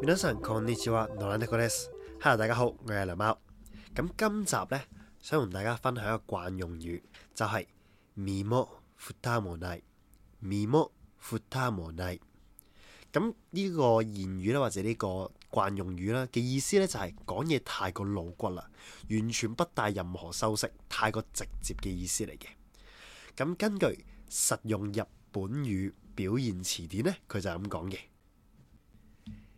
皆さん、こんにちは、のらねこです。Hello，大家好，我係梁貓。咁今集呢，想同大家分享一個慣用語，就係、是「身も蓋もない」，身も蓋もない。咁呢個言語啦，或者呢個慣用語啦嘅意思呢，就係講嘢太過露骨啦，完全不帶任何修飾，太過直接嘅意思嚟嘅。咁根據實用日本語表現辭典呢，佢就係咁講嘅。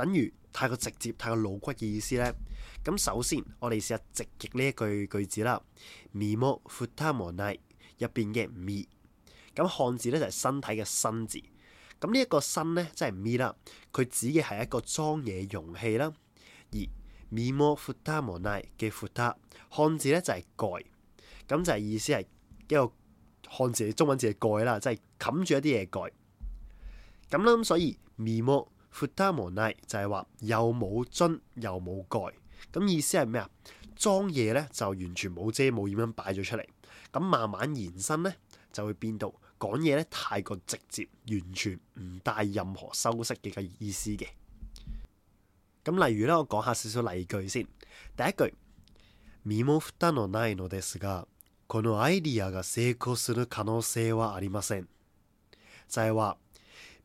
等於太過直接、太過露骨嘅意思呢。咁首先，我哋試下直譯呢一句句子啦。「mi mo futa mo ni」入邊嘅「mi」咁漢字呢就係身體嘅身字。咁呢一個身呢，即係「mi」啦，佢指嘅係一個裝嘢容器啦。而「mi mo futa mo ni」嘅「futa」漢字呢，就係蓋，咁就係意思係一個漢字嘅中文字係蓋啦，即係冚住一啲嘢蓋。咁啦，咁所以「mi mo」。身も蓋もない就係、是、話又冇樽又冇蓋，咁意思係咩啊？裝嘢呢就完全冇遮冇掩咁擺咗出嚟，咁慢慢延伸呢，就會變到講嘢呢太過直接，完全唔帶任何修飾嘅意思嘅。咁例如呢，我講下少少例句先。第一句，身も蓋もないのですが、このアイディアが成功する可能性はありません。即係話。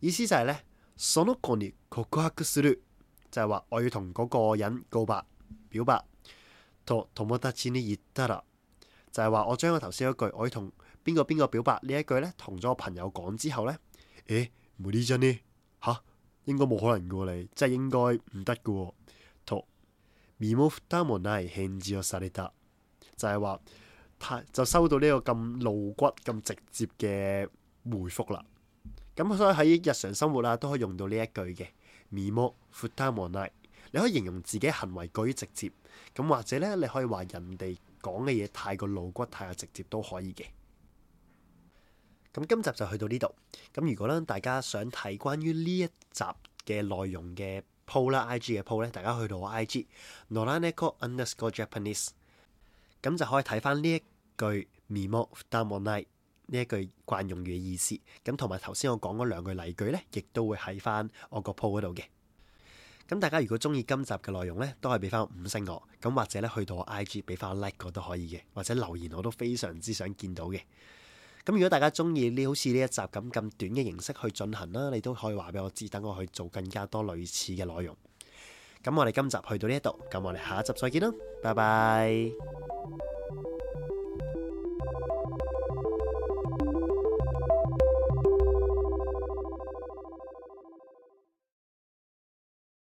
意思就係咧，k の日に告白する，就係、是、話我要同嗰個人告白、表白。と友達に a った、就係、是、話我將我頭先嗰句我要同邊個邊個表白呢一句咧，同咗我朋友講之後咧，誒、欸，無理じゃね？嚇，應該冇可能嘅你，即係應該唔得嘅。同、みもふたもなに返事をされ a 就係話太就收到呢個咁露骨、咁直接嘅回覆啦。咁所以喺日常生活啦都可以用到呢一句嘅，身も蓋もない。你可以形容自己行為過於直接，咁或者咧你可以話人哋講嘅嘢太過露骨、太過直接都可以嘅。咁今集就去到呢度。咁如果咧大家想睇關於呢一集嘅內容嘅 po 啦、IG 嘅 po 咧，大家去到我 IG noraneko_japanese，咁就可以睇翻呢一句身も蓋もない。呢一句慣用語嘅意思，咁同埋頭先我講嗰兩句例句呢，亦都會喺翻我個鋪嗰度嘅。咁大家如果中意今集嘅內容呢，都係俾翻五星我，咁或者呢去到我 IG 俾翻個 like 我都可以嘅，或者留言我都非常之想見到嘅。咁如果大家中意呢好似呢一集咁咁短嘅形式去進行啦，你都可以話俾我知，等我去做更加多類似嘅內容。咁我哋今集去到呢一度，咁我哋下一集再見啦，拜拜。